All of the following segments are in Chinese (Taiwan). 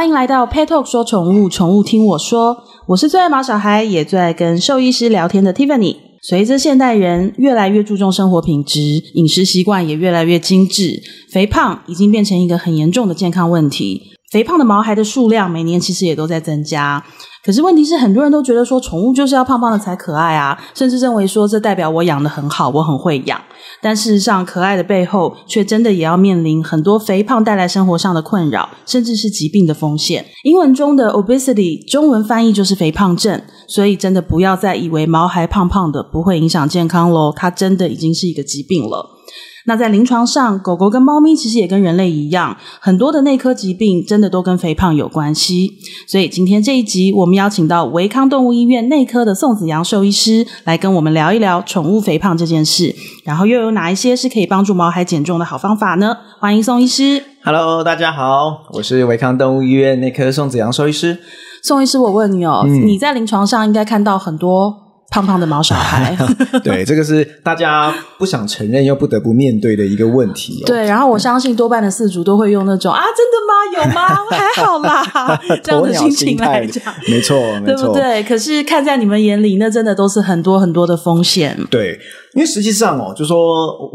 歡迎來到 Pet Talk 說寵物，寵物聽我說。我是最愛毛小孩，也最愛跟獸醫師聊天的 Tiffany。隨着現代人越來越注重生活品質，飲食習慣也越來越精緻，肥胖已經變成一個很嚴重的健康問題。肥胖的毛孩的數量每年其實也都在增加，可是問題是很多人都覺得說寵物就是要胖胖的才可愛啊，甚至認為說這代表我養得很好，我很會養。但事實上，可愛的背後卻真的也要面臨很多肥胖帶來生活上的困擾，甚至是疾病的風險。英文中的 obesity，中文翻譯就是肥胖症，所以真的不要再以為毛孩胖胖的不會影響健康咯，它真的已經是一個疾病了。那在臨床上，狗狗跟貓咪其實也跟人類一樣，很多的內科疾病真的都跟肥胖有關係。所以今天這一集，我們邀請到維康動物醫院內科的宋子揚獸醫師來跟我們聊一聊寵物肥胖這件事。然後又有哪一些是可以幫助毛孩減重的好方法呢？歡迎宋醫師。Hello，大家好，我是維康動物醫院內科宋子揚獸醫師。宋醫師，我問你哦、喔，嗯、你在臨床上應該看到很多。胖胖的毛小孩。啊，對，這個是大家不想承認又不得不面對的一個問題哦。 對，然後我相信多半的飼主都會用那種啊，真的嗎？有嗎？還好啦，這樣的心情來講，沒錯，沒錯，對不對？可是看在你們眼裡，那真的都是很多很多的風險。對，因為實際上哦，就說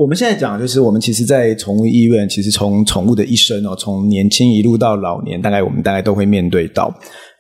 我們現在講，就是我們其實，在寵物醫院，其實從寵物的一生哦，從年輕一路到老年，大概我們大概都會面對到。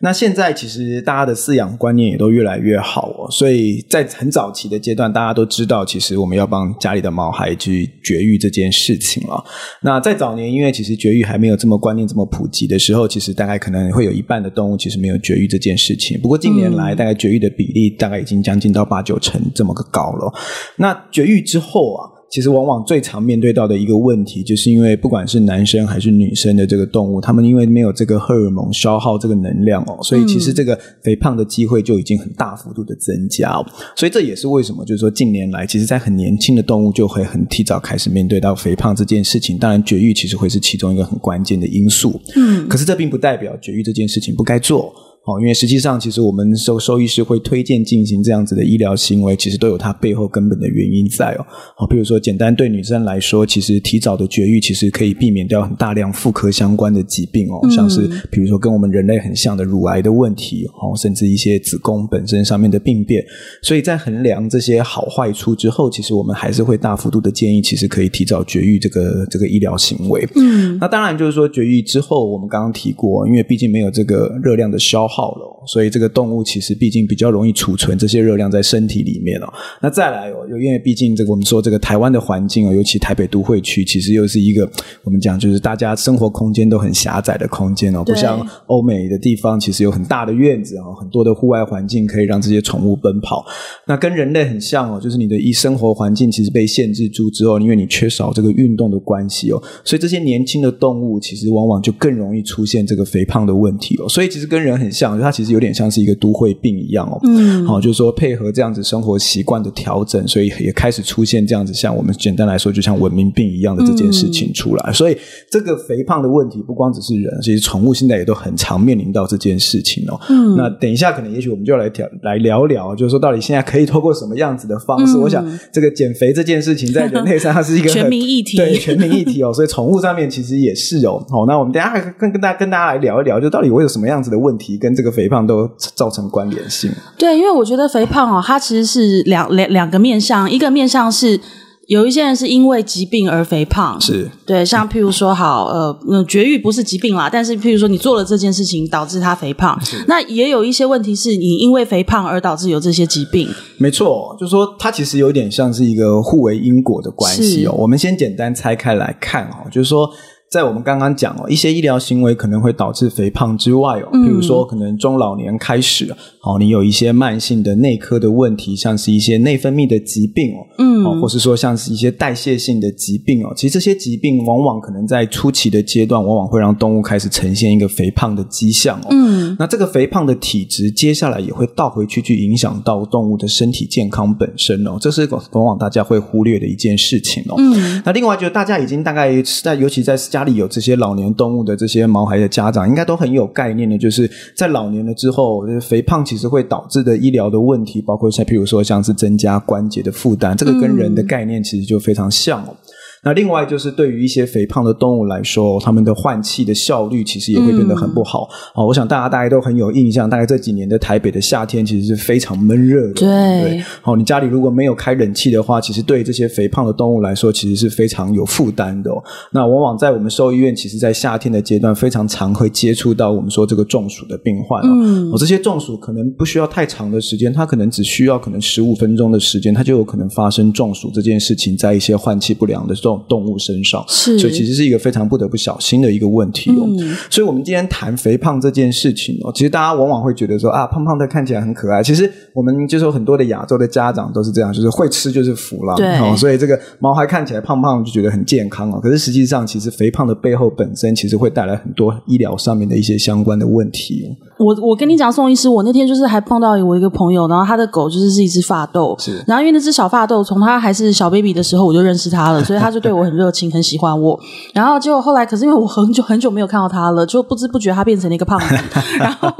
那現在其實大家的飼養觀念也都越來越好哦，所以在很早期的階段，大家都知道其實我們要幫家裡的毛孩去絕育這件事情了。那在早年，因為其實絕育還沒有這麼觀念這麼普及的時候，其實大概可能會有一半的動物其實沒有絕育這件事情。不過近年來，大概絕育的比例大概已經將近到八九成這麼個高了。那絕育之後啊。其實往往最常面對到的一個問題，就是因為不管是男生還是女生的這個動物，他們因為沒有這個荷爾蒙消耗這個能量哦，所以其實這個肥胖的機會就已經很大幅度的增加哦。所以這也是為什麼，就是說近年來，其實，在很年輕的動物就會很提早開始面對到肥胖這件事情。當然，絕育其實會是其中一個很關鍵的因素。嗯，可是這並不代表絕育這件事情不該做。哦，因為實際上，其實我們獸獸醫師會推薦進行這樣子的醫療行為，其實都有它背後根本的原因在哦。好，比如說，簡單對女生來說，其實提早的絕育其實可以避免掉很大量婦科相關的疾病哦，嗯、像是比如說跟我們人類很像的乳癌的問題，哦，甚至一些子宮本身上面的病變。所以在衡量這些好壞處之後，其實我們還是會大幅度的建議，其實可以提早絕育這個這個醫療行為。嗯，那當然就是說，絕育之後，我們剛剛提過，因為畢竟沒有這個熱量的消耗。耗了，所以這個動物其實畢竟比較容易儲存這些熱量在身體裡面哦。那再來哦，因為畢竟這個我們說這個台灣的環境啊、哦，尤其台北都會區，其實又是一個我們講就是大家生活空間都很狹窄的空間哦，不像歐美的地方，其實有很大的院子哦，很多的戶外環境可以讓這些寵物奔跑。那跟人類很像哦，就是你的一生活環境其實被限制住之後，因為你缺少這個運動的關係哦，所以這些年輕的動物其實往往就更容易出現這個肥胖的問題哦。所以其實跟人很像。講它其實有點像是一個都會病一樣哦，嗯，好、哦，就是說配合這樣子生活習慣的調整，所以也開始出現這樣子，像我們簡單來說，就像文明病一樣的這件事情出來。嗯、所以這個肥胖的問題不光只是人，其實寵物現在也都很常面臨到這件事情哦。嗯、那等一下可能也許我們就要來聊來聊聊，就是說到底現在可以透過什麼樣子的方式？嗯、我想這個減肥這件事情在人類上它是一個 全民議題對，對全民議題哦，所以寵物上面其實也是哦。好、哦，那我們等下還跟跟大家跟大家來聊一聊，就到底會有什麼樣子的問題跟。這個肥胖都造成關聯性，對，因為我覺得肥胖哦，它其實是兩兩兩個面向，一個面向是有一些人是因為疾病而肥胖，是對，像譬如說好呃，呃，絕育不是疾病啦，但是譬如說你做了這件事情導致他肥胖，是那也有一些問題是你因為肥胖而導致有這些疾病，沒錯，就是說它其實有點像是一個互為因果的關係哦。是我們先簡單拆開來看哦，就是說。在我們剛剛講哦，一些醫療行為可能會導致肥胖之外哦，比如說可能中老年開始哦，嗯、你有一些慢性的內科的問題，像是一些內分泌的疾病哦，嗯，或是說像是一些代謝性的疾病哦，其實這些疾病往往可能在初期的階段，往往會讓動物開始呈現一個肥胖的跡象哦，嗯，那這個肥胖的體質接下來也會倒回去去影響到動物的身體健康本身哦，這是往往大家會忽略的一件事情哦，嗯，那另外就是大家已經大概是在，尤其在家。家裡有這些老年動物的這些毛孩的家長，應該都很有概念的，就是在老年了之後，就是、肥胖其實會導致的醫療的問題，包括像譬如說，像是增加關節的負擔，這個跟人的概念其實就非常像哦。嗯那另外就是對於一些肥胖的動物來說、哦，它們的換氣的效率其實也會變得很不好。嗯、哦，我想大家大家都很有印象，大概這幾年的台北的夏天其實是非常悶熱的、哦。對，對。哦，你家裡如果沒有開冷氣的話，其實對於這些肥胖的動物來說，其實是非常有負擔的、哦。那往往在我們獸醫院，其實，在夏天的階段，非常常會接觸到我們說這個中暑的病患、啊。嗯。我、哦、這些中暑可能不需要太長的時間，它可能只需要可能十五分鐘的時間，它就有可能發生中暑這件事情，在一些換氣不良的時候動物身上，是所以其實是一個非常不得不小心的一個問題哦。嗯、所以，我們今天談肥胖這件事情哦，其實大家往往會覺得說啊，胖胖的看起來很可愛。其實，我們就是很多的亞洲的家長都是這樣，就是會吃就是福了。對、哦，所以這個毛孩看起來胖胖就覺得很健康哦。可是實際上，其實肥胖的背後本身其實會帶來很多醫療上面的一些相關的問題。我我跟你講，宋醫師，我那天就是還碰到我一個朋友，然後他的狗就是是一隻法鬥，是。然後因為那隻小法鬥從他還是小 baby 的時候我就認識他了，所以他就。 對我很熱情，很喜歡我。然後結果後來，可是因為我很久很久沒有看到他了，就不知不覺他變成了一個胖子。 然後，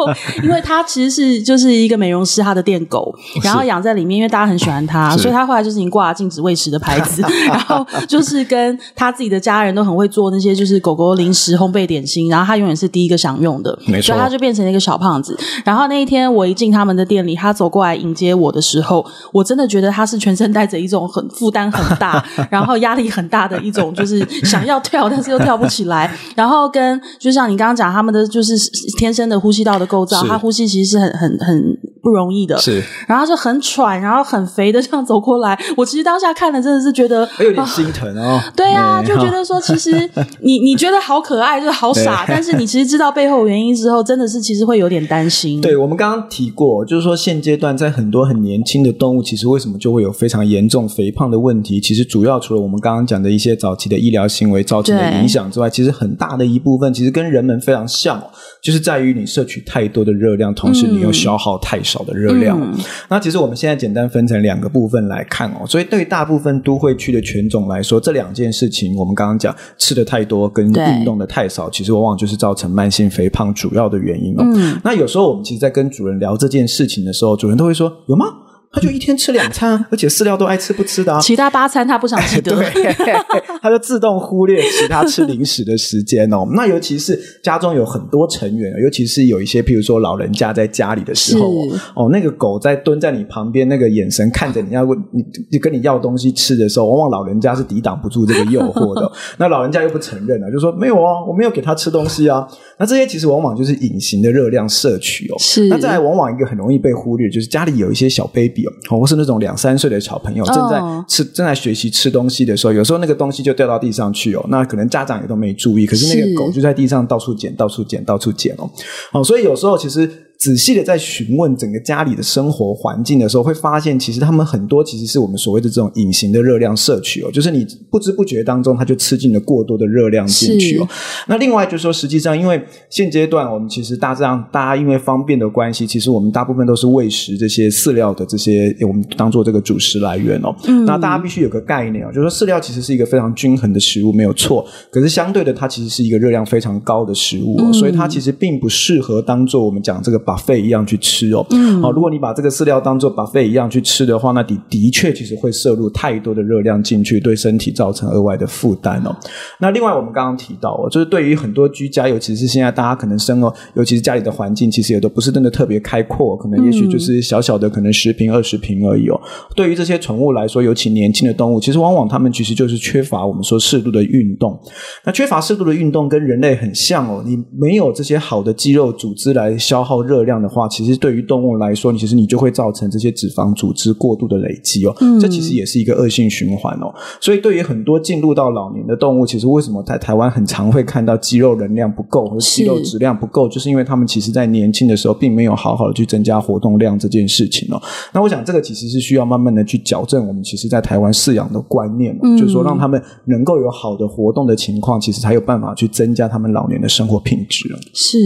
因為他其實是就是一個美容師，他的店狗，然後養在裡面，因為大家很喜歡他，是所以他後來就是已經掛了禁止餵食的牌子。 然後就是跟他自己的家人都很會做那些，就是狗狗零食、烘焙點心，然後他永遠是第一個享用的。沒錯，所以他就變成了一個小胖子。然後那一天我一進他們的店裡，他走過來迎接我的時候，我真的覺得他是全身帶着一種很負擔很大，然後壓力很大。大的一種就是想要跳， 但是又跳不起來。 然後跟就像你剛剛講，他們的就是天生的呼吸道的構造，是他呼吸其實是很很很，很不容易的，是，然後就很喘，然後很肥的這樣走過來。我其實當下看了，真的是覺得有點心疼哦。啊對啊，嗯、就覺得說，其實你 你覺得好可愛，就是好傻，對 但是你其實知道背後原因之後，真的是其實會有點擔心。對我們剛剛提過，就是說現階段在很多很年輕的動物，其實為什麼就會有非常嚴重肥胖的問題？其實主要除了我們剛剛講的一些早期的醫療行為造成的影響之外，對其實很大的一部分其實跟人們非常像。就是在於你攝取太多的熱量，同時你又消耗太少的熱量。嗯嗯、那其實我們現在簡單分成兩個部分來看哦。所以對於大部分都會區的犬種來說，這兩件事情，我們剛剛講吃的太多跟運動的太少，對其實往往就是造成慢性肥胖主要的原因哦。嗯、那有時候我們其實，在跟主人聊這件事情的時候，主人都會說：“有嗎？”他就一天吃兩餐、啊，而且飼料都愛吃不吃的啊。其他八餐他不想吃、哎，對、哎哎，他就自動忽略其他吃零食的時間哦。 那尤其是家中有很多成員，尤其是有一些，譬如說老人家在家裡的時候哦，是哦那個狗在蹲在你旁邊，那個眼神看着你，要問你，你跟你要東西吃的時候，往往老人家是抵擋不住這個誘惑的。 那老人家又不承認了、啊，就說沒有啊，我沒有給他吃東西啊。那這些其實往往就是隱形的熱量攝取哦。是。那再來，往往一個很容易被忽略，就是家裡有一些小 baby 哦，或、哦、是那種兩三歲的小朋友正在吃、Oh. 正在學習吃東西的時候，有時候那個東西就掉到地上去哦，那可能家長也都沒注意，可是那個狗就在地上到處撿是、到處撿、到處撿哦。哦，所以有時候其實。仔細的在詢問整個家裡的生活環境的時候，會發現其實他們很多其實是我們所謂的這種隱形的熱量攝取哦，就是你不知不覺當中它就吃進了過多的熱量進去哦。是那另外就是說，實際上因為現階段我們其實大家這樣，大家因為方便的關係，其實我們大部分都是餵食這些飼料的這些，哎、我們當做這個主食來源哦。嗯、那大家必須有個概念哦，就是說飼料其實是一個非常均衡的食物，沒有錯。可是相對的，它其實是一個熱量非常高的食物，哦，嗯、所以它其實並不適合當做我們講這個。buffet 一樣去吃哦，好、哦，如果你把這個飼料當做 buffet 一樣去吃的話，那你的確其實會攝入太多的熱量進去，對身體造成額外的負擔哦。那另外我們剛剛提到哦，就是對於很多居家，尤其是現在大家可能生活、哦，尤其是家裡的環境，其實也都不是真的特別開闊，可能也許就是小小的，嗯、可能十平二十平而已哦。對於這些寵物來說，尤其年輕的動物，其實往往他們其實就是缺乏我們說適度的運動。那缺乏適度的運動跟人類很像哦，你沒有這些好的肌肉組織來消耗熱量量的話，其實對於動物來說，你其實你就會造成這些脂肪組織過度的累積哦，嗯、這其實也是一個惡性循環哦。所以對於很多進入到老年的動物，其實為什麼在台灣很常會看到肌肉能量不夠和肌肉質量不夠，是，就是因為他們其實在年輕的時候並沒有好好的去增加活動量這件事情哦。那我想這個其實是需要慢慢的去矯正我們其實在台灣飼養的觀念、嗯、就是說讓他們能夠有好的活動的情況，其實才有辦法去增加他們老年的生活品質哦。是，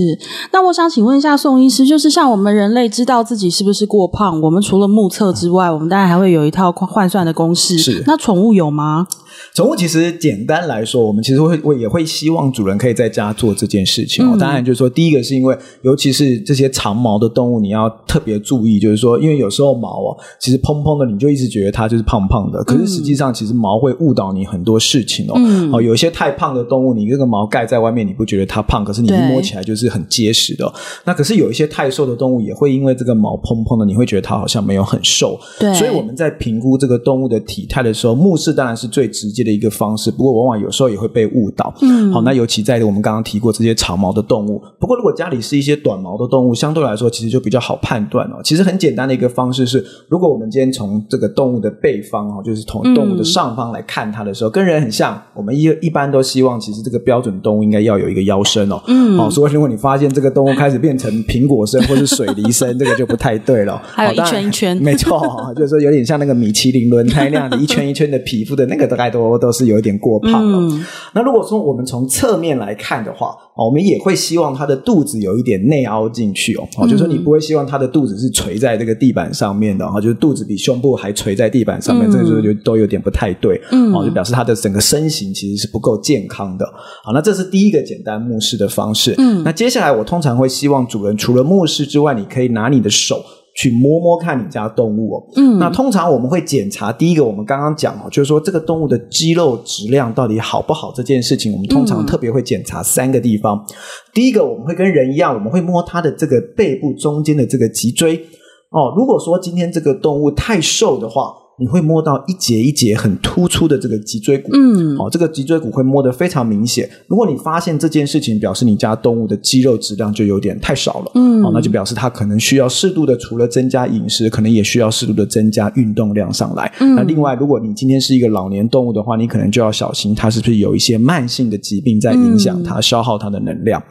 那我想請問一下宋醫生。其實就是像我們人類知道自己是不是過胖，我們除了目測之外，我們當然還會有一套換算的公式。是那寵物有嗎？寵物其實簡單來說，我們其實會會也會希望主人可以在家做這件事情哦。嗯、當然就是說，第一個是因為，尤其是這些長毛的動物，你要特別注意，就是說，因為有時候毛哦，其實蓬蓬的，你就一直覺得它就是胖胖的。可是實際上，其實毛會誤導你很多事情哦、嗯、哦。有一些太胖的動物，你這個毛蓋在外面，你不覺得它胖，可是你一摸起來就是很結實的、哦。對那可是有一些太瘦的動物，也會因為這個毛蓬蓬的，你會覺得它好像沒有很瘦。對，所以我們在評估這個動物的體態的時候，目視當然是最直接的的一個方式，不過往往有時候也會被誤導。嗯，好，那尤其在我們剛剛提過這些長毛的動物。不過如果家裡是一些短毛的動物，相對來說其實就比較好判斷哦。其實很簡單的一個方式是，如果我們今天從這個動物的背方哦，就是從動物的上方來看它的時候，嗯、跟人很像。我們一一般都希望，其實這個標準動物應該要有一個腰身哦。嗯，好、哦，所以如果你發現這個動物開始變成蘋果身或是水梨身，這 個就不太對了。好，還有一圈一圈，沒錯、哦，就是說有點像那個米其林輪胎那樣的一圈一圈的皮膚的那個，大概都。都是有一點過胖了、哦。嗯、那如果說我們從側面來看的話，啊、哦，我們也會希望他的肚子有一點內凹進去哦。哦，嗯、就是說你不會希望他的肚子是垂在這個地板上面的，然、哦、就是肚子比胸部還垂在地板上面，嗯、這個就都有點不太對。嗯，哦，就表示他的整個身形其實是不夠健康的。好，那這是第一個簡單目視的方式。嗯，那接下來我通常會希望主人除了目視之外，你可以拿你的手。去摸摸看你家動物哦，嗯。那通常我們會檢查第一個，我們剛剛講哦，就是說這個動物的肌肉質量到底好不好這件事情，我們通常特別會檢查三個地方。嗯。第一個，我們會跟人一樣，我們會摸它的這個背部中間的這個脊椎哦。如果說今天這個動物太瘦的話，你會摸到一節一節很突出的這個脊椎骨，嗯，好、哦，這個脊椎骨會摸得非常明顯。如果你發現這件事情，表示你家動物的肌肉質量就有點太少了，嗯，好、哦，那就表示它可能需要適度的，除了增加飲食，可能也需要適度的增加運動量上來。嗯、那另外，如果你今天是一個老年動物的話，你可能就要小心，它是不是有一些慢性的疾病在影響它，嗯、消耗它的能量。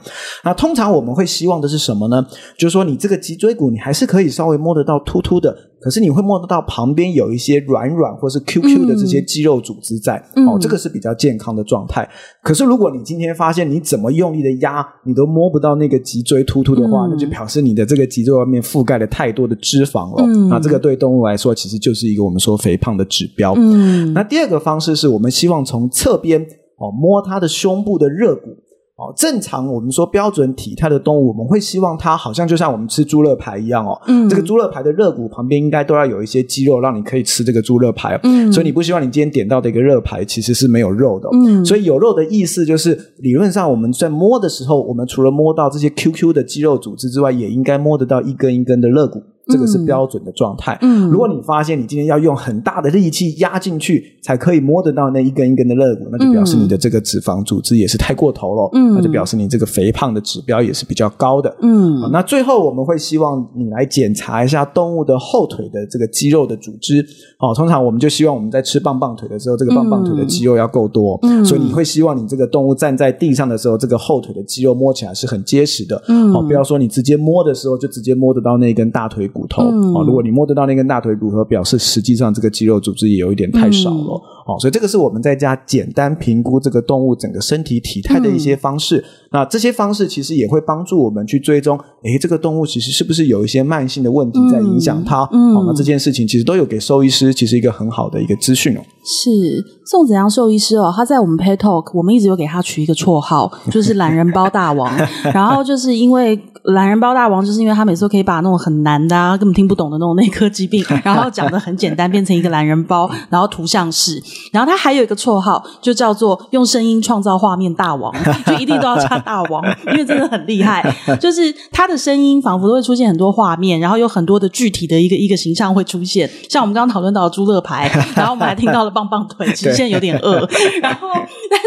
那通常我們會希望的是什麼呢？就是說，你這個脊椎骨你還是可以稍微摸得到凸凸的。可是你會摸得到旁邊有一些軟軟或是 Q Q 的這些肌肉組織在、嗯、哦，這個是比較健康的狀態。嗯、可是如果你今天發現你怎麼用力的壓，你都摸不到那個脊椎突突的話，嗯、那就表示你的這個脊椎外面覆蓋了太多的脂肪了。嗯、那這個對動物來說，其實就是一個我們說肥胖的指標。嗯、那第二個方式是我們希望從側邊哦摸它的胸部的肋骨。哦，正常我們說標準體態的動物，我們會希望它好像就像我們吃豬肋排一樣哦，嗯、這個豬肋排的肋骨旁邊應該都要有一些肌肉，讓你可以吃這個豬肋排哦。嗯、所以你不希望你今天點到的一個肋排其實是沒有肉的。哦，嗯、所以有肉的意思就是，理論上我們在摸的時候，我們除了摸到這些 QQ 的肌肉組織之外，也應該摸得到一根一根的肋骨。這個是標準的狀態。嗯，如果你發現你今天要用很大的力氣壓進去才可以摸得到那一根一根的肋骨，那就表示你的這個脂肪組織也是太過頭了。嗯，那就表示你這個肥胖的指標也是比較高的。嗯，那最後我們會希望你來檢查一下動物的後腿的這個肌肉的組織。哦，通常我們就希望我們在吃棒棒腿的時候，這個棒棒腿的肌肉要夠多。嗯，所以你會希望你這個動物站在地上的時候，這個後腿的肌肉摸起來是很結實的。嗯，不要說你直接摸的時候就直接摸得到那一根大腿骨。骨頭啊，嗯、如果你摸得到那根大腿骨頭，表示實際上這個肌肉組織也有一點太少了、嗯、哦。所以這個是我們在家簡單評估這個動物整個身體體態的一些方式、嗯。那這些方式其實也會幫助我們去追蹤，哎，這個動物其實是不是有一些慢性的問題在影響它？嗯嗯哦、那這件事情其實都有給獸醫師其實一個很好的一個資訊哦，是。是宋子揚獸醫師哦，他在我們 PetTalk，我們一直有給他取一個綽號， 就是懶人包大王。然後就是因為。懶人包大王，就是因為他每次都可以把那種很難的、啊，根本聽不懂的那種內科疾病，然後講得很簡單，變成一個懶人包，然後圖像式。然後他還有一個綽號，就叫做“用聲音創造畫面大王”，就一定都要稱大王，因為真的很厲害。就是他的聲音仿佛都會出現很多畫面，然後有很多的具體的一個一個形象會出現。像我們剛剛討論到的豬肋排，然後我們還聽到了棒棒腿，其實現在有點餓，然後。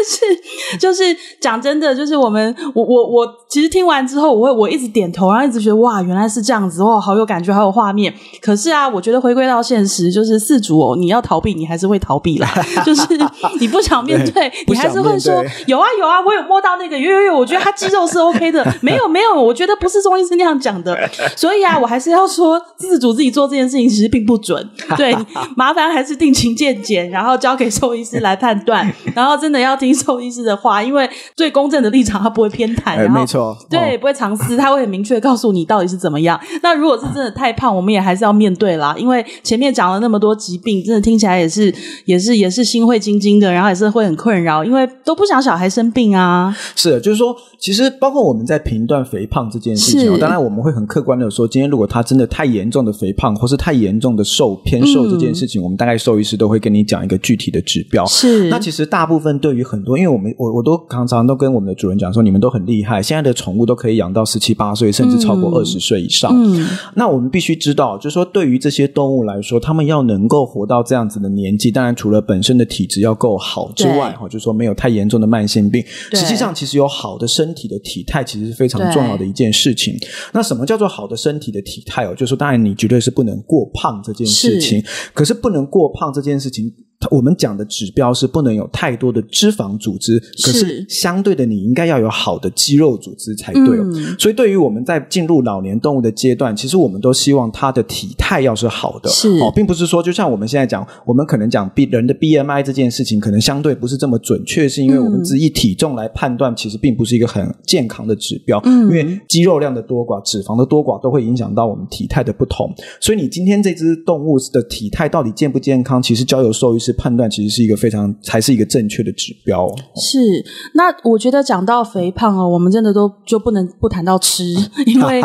就是，就是講真的，就是我們我我我，其實聽完之後，我會我一直點頭，然後一直覺得哇，原來是這樣子哇、哦，好有感覺，好有畫面。可是啊，我覺得回歸到現實，就是四組哦，你要逃避，你還是會逃避啦。 就是你不想面對，對面對你還是會說有啊有啊，我有摸到那個，有有有，我覺得他肌肉是 OK 的。 沒有沒有，我覺得不是獸醫師那樣講的。所以啊，我還是要說，飼主自己做這件事情其實並不準。對，麻煩還是定期健檢，然後交給獸醫師來判斷， 然後真的要聽。獸醫師的話，因為最公正的立場，他不會偏袒，哎，沒錯，對，不會藏私，他會很明確告訴你到底是怎麼樣。那如果是真的太胖， 我們也還是要面對啦，因為前面講了那麼多疾病，真的聽起來也是也是也是心會驚驚的，然後也是會很困擾，因為都不想小孩生病啊。是，就是說，其實包括我們在評斷肥胖這件事情，是當然我們會很客觀的說，今天如果他真的太嚴重的肥胖，或是太嚴重的瘦偏瘦這件事情，嗯、我們大概獸醫師都會跟你講一個具體的指標。是，那其實大部分對於很。很多，因為我們我我都常常都跟我們的主人講說，你們都很厲害，現在的寵物都可以養到十七八歲，甚至超過二十歲以上。嗯嗯、那我們必須知道，就是說，對於這些動物來說，他們要能夠活到這樣子的年紀，當然除了本身的體質要夠好之外，哈對，就是說沒有太嚴重的慢性病。對實際上，其實有好的身體的體態，其實是非常重要的一件事情。對那什麼叫做好的身體的體態？哦，就是說，當然你絕對是不能過胖這件事情，是可是不能過胖這件事情。我們講的指標是不能有太多的脂肪組織，可是相對的你應該要有好的肌肉組織才對。嗯、所以對於我們在進入老年動物的階段，其實我們都希望它的體態要是好的。是哦，並不是說就像我們現在講，我們可能講 B 人的 BMI 這件事情，可能相對不是這麼準確，是因為我們只以體重來判斷，其實並不是一個很健康的指標。嗯，因為肌肉量的多寡、脂肪的多寡都會影響到我們體態的不同。所以你今天這隻動物的體態到底健不健康，其實交由獸醫是判斷其實是一個非常，才是一個正確的指標哦。是，那我覺得講到肥胖哦，我們真的都就不能不談到吃，因為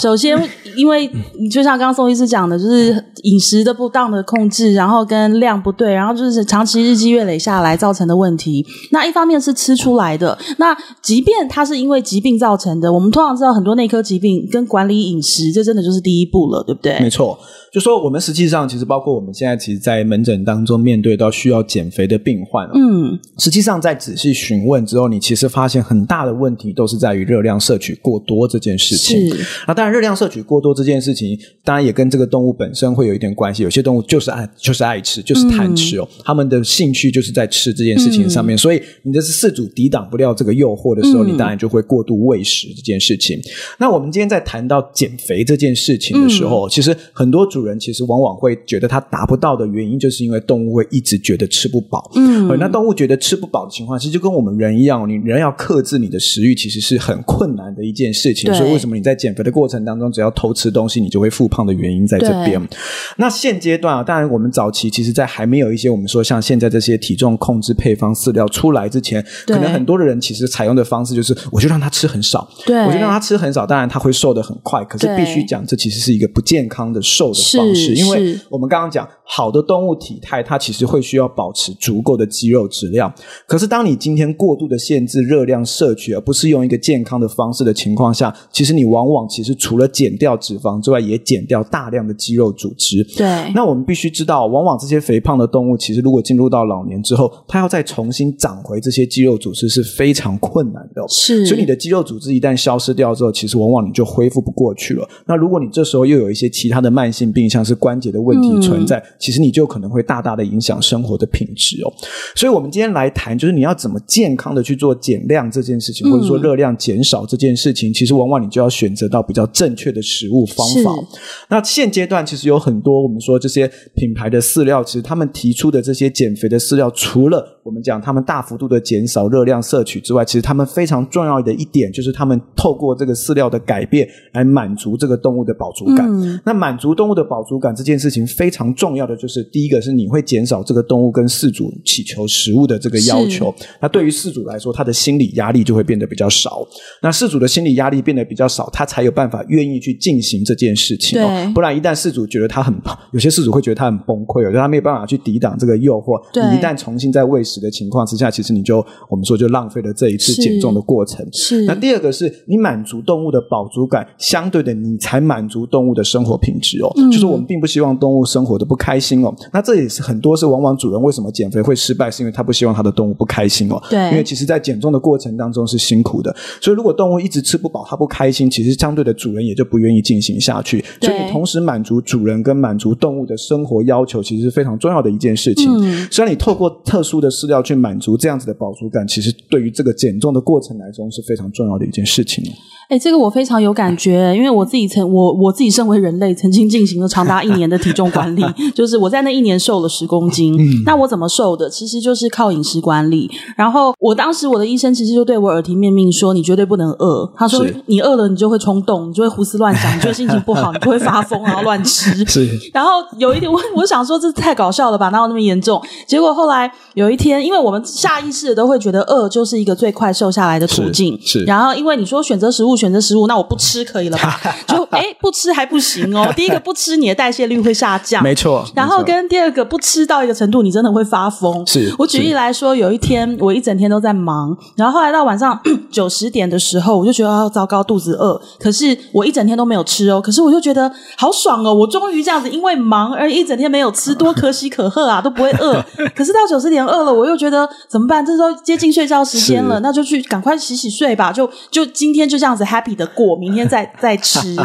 首先， 因為你就像剛剛宋醫師講的，就是飲食的不當的控制，然後跟量不對，然後就是長期日積月累下來造成的問題。那一方面是吃出來的，那即便它是因為疾病造成的，我們通常知道很多內科疾病跟管理飲食，這真的就是第一步了，對不對？沒錯。就說我們實際上其實包括我們現在其實，在門診當中面對到需要減肥的病患，啊，嗯，實際上在仔細詢問之後，你其實發現很大的問題都是在於熱量攝取過多這件事情。是那當然熱量攝取過多這件事情，當然也跟這個動物本身會有一點關係。有些動物就是愛，就是愛吃，就是貪吃哦。嗯、他們的興趣就是在吃這件事情上面，嗯、所以你的飼主抵擋不了這個誘惑的時候，嗯、你當然就會過度餵食這件事情。那我們今天在談到減肥這件事情的時候，嗯、其實很多主。人其實往往會覺得他達不到的原因，就是因為動物會一直覺得吃不飽。嗯，那動物覺得吃不飽的情況，其實就跟我們人一樣，你人要克制你的食慾，其實是很困難的一件事情。對所以為什麼你在減肥的過程當中，只要偷吃東西，你就會復胖的原因在這邊。對那現階段啊，當然我們早期其實，在還沒有一些我們說像現在這些體重控制配方飼料出來之前，對可能很多的人其實採用的方式就是，我就讓他吃很少，對我就讓他吃很少。當然他會瘦得很快，可是必須講，這其實是一個不健康的瘦的方式，因為我們剛剛講，好的動物體態，它其實會需要保持足夠的肌肉質量。可是，當你今天過度的限制熱量攝取，而不是用一個健康的方式的情況下，其實你往往其實除了減掉脂肪之外，也減掉大量的肌肉組織。對。那我們必須知道，往往這些肥胖的動物，其實如果進入到老年之後，它要再重新長回這些肌肉組織是非常困難的。是。所以，你的肌肉組織一旦消失掉之後，其實往往你就恢復不過去了。那如果你這時候又有一些其他的慢性病，像是是關節的問題存在，嗯、其實你就可能會大大的影響生活的品質哦。所以，我們今天來談，就是你要怎麼健康的去做減量這件事情，嗯、或者說熱量減少這件事情，其實往往你就要選擇到比較正確的食物方法。是那現階段其實有很多我們說這些品牌的飼料，其實他們提出的這些減肥的飼料，除了我們講他們大幅度的減少熱量攝取之外，其實他們非常重要的一點就是他們透過這個飼料的改變來滿足這個動物的飽足感。嗯、那滿足動物的飽足感這件事情非常重要的就是，第一個是你會減少這個動物跟飼主乞求食物的這個要求。是那對於飼主來說，他的心理壓力就會變得比較少。那飼主的心理壓力變得比較少，他才有辦法願意去進行這件事情哦。對不然，一旦飼主覺得他很有些飼主會覺得他很崩潰哦，就他沒有辦法去抵擋這個誘惑。對你一旦重新在餵食的情況之下，其實你就我們說就浪費了這一次減重的過程。是、是。那第二個是你滿足動物的飽足感，相對的你才滿足動物的生活品質哦。嗯就是我們並不希望動物生活的不開心哦，那這也是很多是往往主人為什麼減肥會失敗，是因為他不希望他的動物不開心哦。對。因為其實，在減重的過程當中是辛苦的，所以如果動物一直吃不飽，它不開心，其實相對的主人也就不願意進行下去。對。所以，你同時滿足主人跟滿足動物的生活要求，其實是非常重要的一件事情。嗯對。所以，你透過特殊的飼料去滿足這樣子的飽足感，其實對於這個減重的過程來說是非常重要的一件事情。哎、欸，這個我非常有感覺，因為我自己曾我我自己身為人類曾經進行了。長達一年的體重管理， 就是我在那一年瘦了十公斤。嗯，那我怎麼瘦的？其實就是靠飲食管理。然後我當時我的醫生其實就對我耳提面命說：“你絕對不能餓。”他說：“是你餓了，你就會衝動，你就會胡思亂想，你就會心情不好， 你就會發瘋， 然後亂吃。”是。然後有一天，我我想說，這太搞笑了吧？哪有那麼嚴重？結果後來有一天，因為我們下意識的都會覺得餓就是一個最快瘦下來的途徑。是。然後因為你說選擇食物，選擇食物，那我不吃可以了吧？ 就哎，不吃還不行哦。第一個不吃。 你的代謝率會下降，沒錯。然後跟第二個沒錯不吃到一個程度，你真的會發瘋。是，我舉例來說，是有一天我一整天都在忙，然後後來到晚上九十 點的時候，我就覺得、啊、糟糕，肚子餓。可是我一整天都沒有吃哦，可是我就覺得好爽哦，我終於這樣子，因為忙而一整天沒有吃，多可喜可賀啊，都不會餓。 可是到九十點餓了，我又覺得怎麼辦？這時候接近睡覺時間了，是那就去趕快洗洗睡吧。就就今天就這樣子 happy 的過，明天再再吃。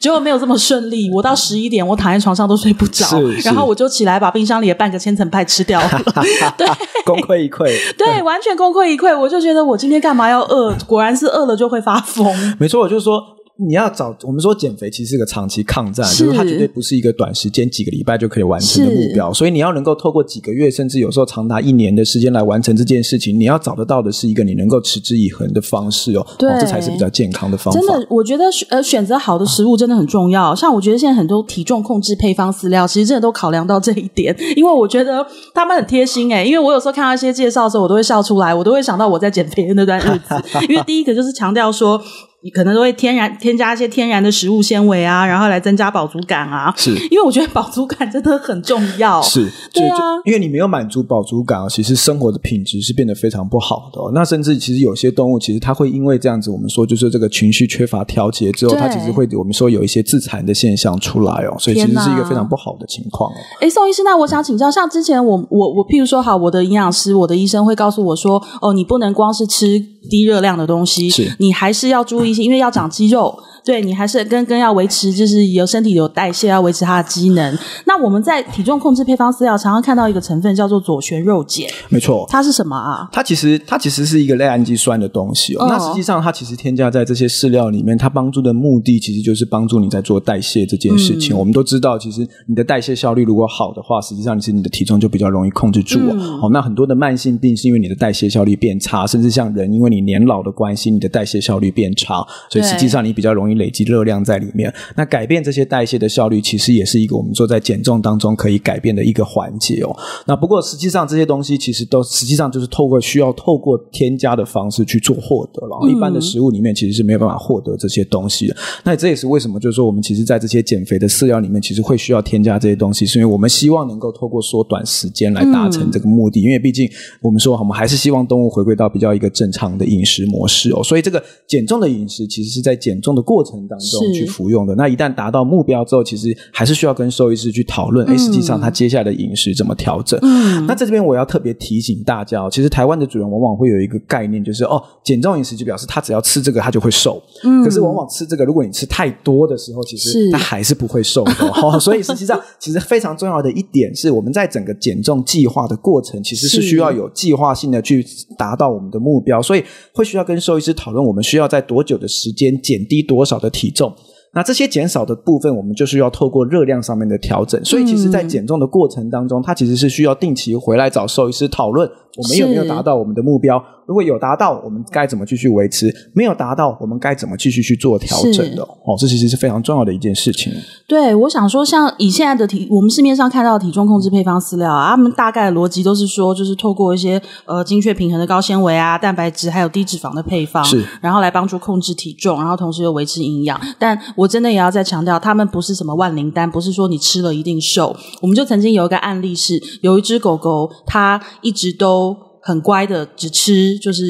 結果沒有這麼順利，我到十一。一點，我躺在床上都睡不着，然後我就起來把冰箱裡的半個千層派吃掉了， 對， 功虧一簣，對，對，完全功虧一簣，我就覺得我今天幹嘛要餓？果然是餓了就會發瘋，沒錯，我就說。你要找我們說，減肥其實是個長期抗戰，是就是它絕對不是一個短時間幾個禮拜就可以完成的目標，是所以你要能夠透過幾個月，甚至有時候長達一年的時間來完成這件事情。你要找得到的是一個你能夠持之以恆的方式哦，對哦這才是比較健康的方式。真的，我覺得選呃選擇好的食物真的很重要。啊、像我覺得現在很多體重控制配方飼料，其實真的都考量到這一點，因為我覺得他們很貼心哎、欸，因為我有時候看到一些介紹的時候，我都會笑出來，我都會想到我在減肥那段日子， 因為第一個就是強調說。你可能都會天然添加一些天然的食物纖維啊，然後來增加飽足感啊。是，因為我覺得飽足感真的很重要。是，對啊就就，因為你沒有滿足飽足感啊，其實生活的品質是變得非常不好的、哦。那甚至其實有些動物，其實它會因為這樣子，我們說就是這個情緒缺乏調節之後，對它其實會我們說有一些自殘的現象出來哦。所以其實是一個非常不好的情況、哦。哎，宋醫師，那我想請教，像之前我我我譬如說，好，我的營養師，我的醫生會告訴我說，哦，你不能光是吃低熱量的東西，是你還是要注意。 因為要長肌肉，對你還是跟跟要維持，就是有身體有代謝，要維持它的機能。那我們在體重控制配方飼料常常看到一個成分叫做左旋肉鹼，沒錯，它是什麼啊？它其實它其實是一個類氨基酸的東西哦。哦。那實際上它其實添加在這些飼料裡面，它幫助的目的其實就是幫助你在做代謝這件事情。嗯，我們都知道，其實你的代謝效率如果好的話，實際上是你的體重就比較容易控制住哦。嗯。哦。那很多的慢性病是因為你的代謝效率變差，甚至像人，因為你年老的關係，你的代謝效率變差。所以實際上你比較容易累積熱量在裡面。那改變這些代謝的效率，其實也是一個我們做在減重當中可以改變的一個環節哦。那不過實際上這些東西其實都實際上就是透過需要透過添加的方式去做獲得了。一般的食物裡面其實是沒有辦法獲得這些東西的。那這也是為什麼就是說我們其實，在這些減肥的飼料裡面，其實會需要添加這些東西，是因為我們希望能夠透過縮短時間來達成這個目的。因為畢竟我們說我們還是希望動物回歸到比較一個正常的飲食模式哦。所以這個減重的飲食食其實是在減重的過程當中去服用的。是那一旦達到目標之後，其實還是需要跟獸醫師去討論。哎、嗯，實際上他接下來的飲食怎麼調整？嗯、那在這邊我要特別提醒大家，其實台灣的主人往往會有一個概念，就是哦，減重飲食就表示他只要吃這個他就會瘦。嗯，可是往往吃這個，如果你吃太多的時候，其實他還是不會瘦的是、哦。所以實際上 其實非常重要的一點是，我們在整個減重計劃的過程，其實是需要有計劃性的去達到我們的目標，是所以會需要跟獸醫師討論，我們需要在多久。的時間減低多少的體重？那這些減少的部分，我們就是要透過熱量上面的調整。所以，其實，在減重的過程當中，嗯、它其實是需要定期回來找獸醫師討論，我們有沒有達到我們的目標？是如果有達到，我們該怎麼繼續維持？沒有達到，我們該怎麼繼續去做調整的？是哦，這其實是非常重要的一件事情。對，我想說，像以現在的體，我們市面上看到的體重控制配方飼料啊，他們大概的邏輯都是說，就是透過一些呃精確平衡的高纖維啊、蛋白質還有低脂肪的配方，是然後來幫助控制體重，然後同時又維持營養。但我我真的也要再強調，他們不是什麼萬靈丹，不是說你吃了一定瘦。我們就曾經有一個案例是，有一隻狗狗，它一直都很乖的，只吃就是。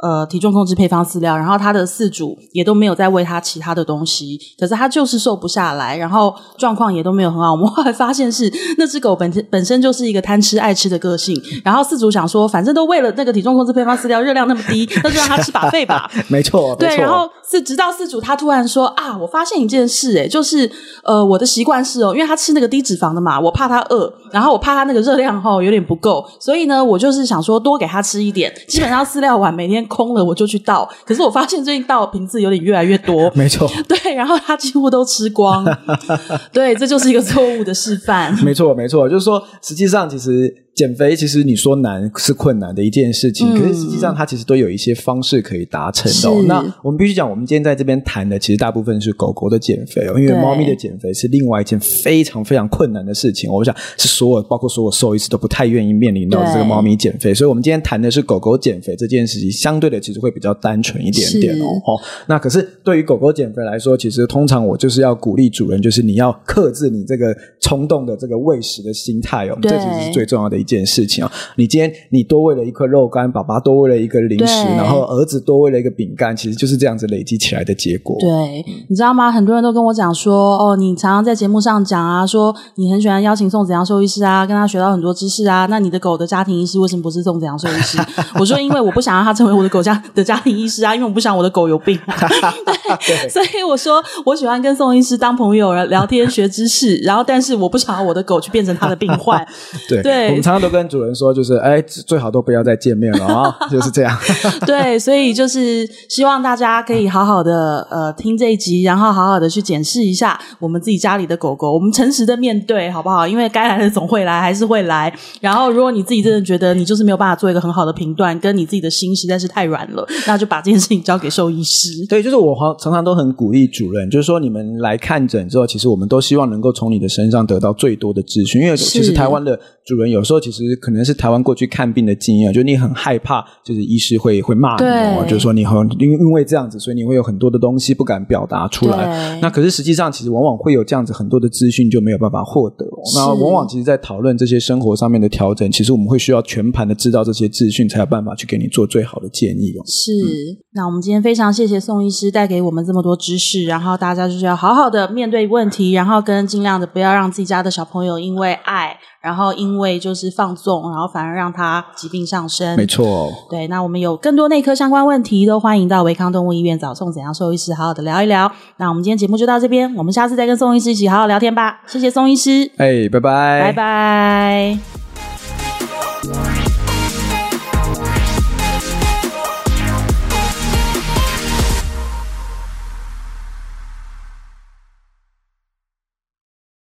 呃，體重控制配方飼料，然後他的飼主也都沒有再餵他其他的東西，可是他就是瘦不下來，然後狀況也都沒有很好。我們後來發現是那隻狗本身本身就是一個貪吃愛吃的個性，然後飼主想說，反正都餵了那個體重控制配方飼料，熱量那麼低，那就讓它吃 buffet 吧。 沒錯，對。然後是直到飼主他突然說啊，我發現一件事、欸，哎，就是呃，我的習慣是哦，因為他吃那個低脂肪的嘛，我怕他餓，然後我怕他那個熱量後、哦、有點不夠，所以呢，我就是想說多給他吃一點，基本上飼料碗每天。 空了我就去倒，可是我發現最近倒的瓶子，有點越來越多。沒錯，對，然後他幾乎都吃光， 對，這就是一個錯誤的示範， 沒錯，沒錯，就是說實際上其實。減肥其實你說難是困難的一件事情，嗯、可是實際上它其實都有一些方式可以達成的、哦。是那我們必須講，我們今天在這邊談的其實大部分是狗狗的減肥哦，因為貓咪的減肥是另外一件非常非常困難的事情。對我想是所有包括所有獸醫師都不太願意面臨到這個貓咪減肥，對所以我們今天談的是狗狗減肥這件事情，相對的其實會比較單純一點點哦。好是、哦，那可是對於狗狗減肥來說，其實通常我就是要鼓勵主人，就是你要克制你這個衝動的這個餵食的心態哦，對這其實是最重要的一。件事情啊，哦，你今天你多餵了一塊肉乾，爸爸多餵了一個零食，對然後兒子多餵了一個餅乾，其實就是這樣子累積起來的結果。對，你知道嗎？很多人都跟我講說，哦，你常常在節目上講啊，說你很喜歡邀請宋子揚獸醫師啊，跟他學到很多知識啊。那你的狗的家庭醫師為什麼不是宋子揚獸醫師？ 我說，因為我不想讓他成為我的狗家的家庭醫師啊，因為我不想我的狗有病啊。 對，對，所以我說，我喜歡跟宋醫師當朋友，聊天學知識，然後但是我不想要我的狗去變成他的病患。 對，對都跟主人說，就是哎，最好都不要再見面了啊、哦， 就是這樣。對， 所以就是希望大家可以好好的呃聽這一集，然後好好的去檢視一下我們自己家裡的狗狗，我們誠實的面對，好不好？因為該來的總會來，還是會來。然後，如果你自己真的覺得你就是沒有辦法做一個很好的評斷，跟你自己的心實在是太軟了，那就把這件事情交給獸醫師。對，就是我常常常都很鼓勵主人，就是說你們來看診之後，其實我們都希望能夠從你的身上得到最多的資訊，因為其實台灣的。主人有時候其實可能是台灣過去看病的經驗、啊，就你很害怕，就是醫師會會罵你、啊，對就是說你好像因為因為這樣子，所以你會有很多的東西不敢表達出來。對那可是實際上，其實往往會有這樣子很多的資訊就沒有辦法獲得、哦。是那往往其實在討論這些生活上面的調整，其實我們會需要全盤的知道這些資訊，才有辦法去給你做最好的建議、哦。是，嗯、那我們今天非常謝謝宋醫師帶給我們這麼多知識，然後大家就是要好好的面對問題，然後跟儘量的不要讓自己家的小朋友因為愛。然後因為就是放縱，然後反而讓他疾病上身。沒錯、哦，對。那我們有更多內科相關問題，都歡迎到維康動物醫院找宋子揚獸醫師，好好的聊一聊。那我們今天節目就到這邊，我們下次再跟宋醫師一起好好聊天吧。謝謝宋醫師，哎，拜拜，拜拜。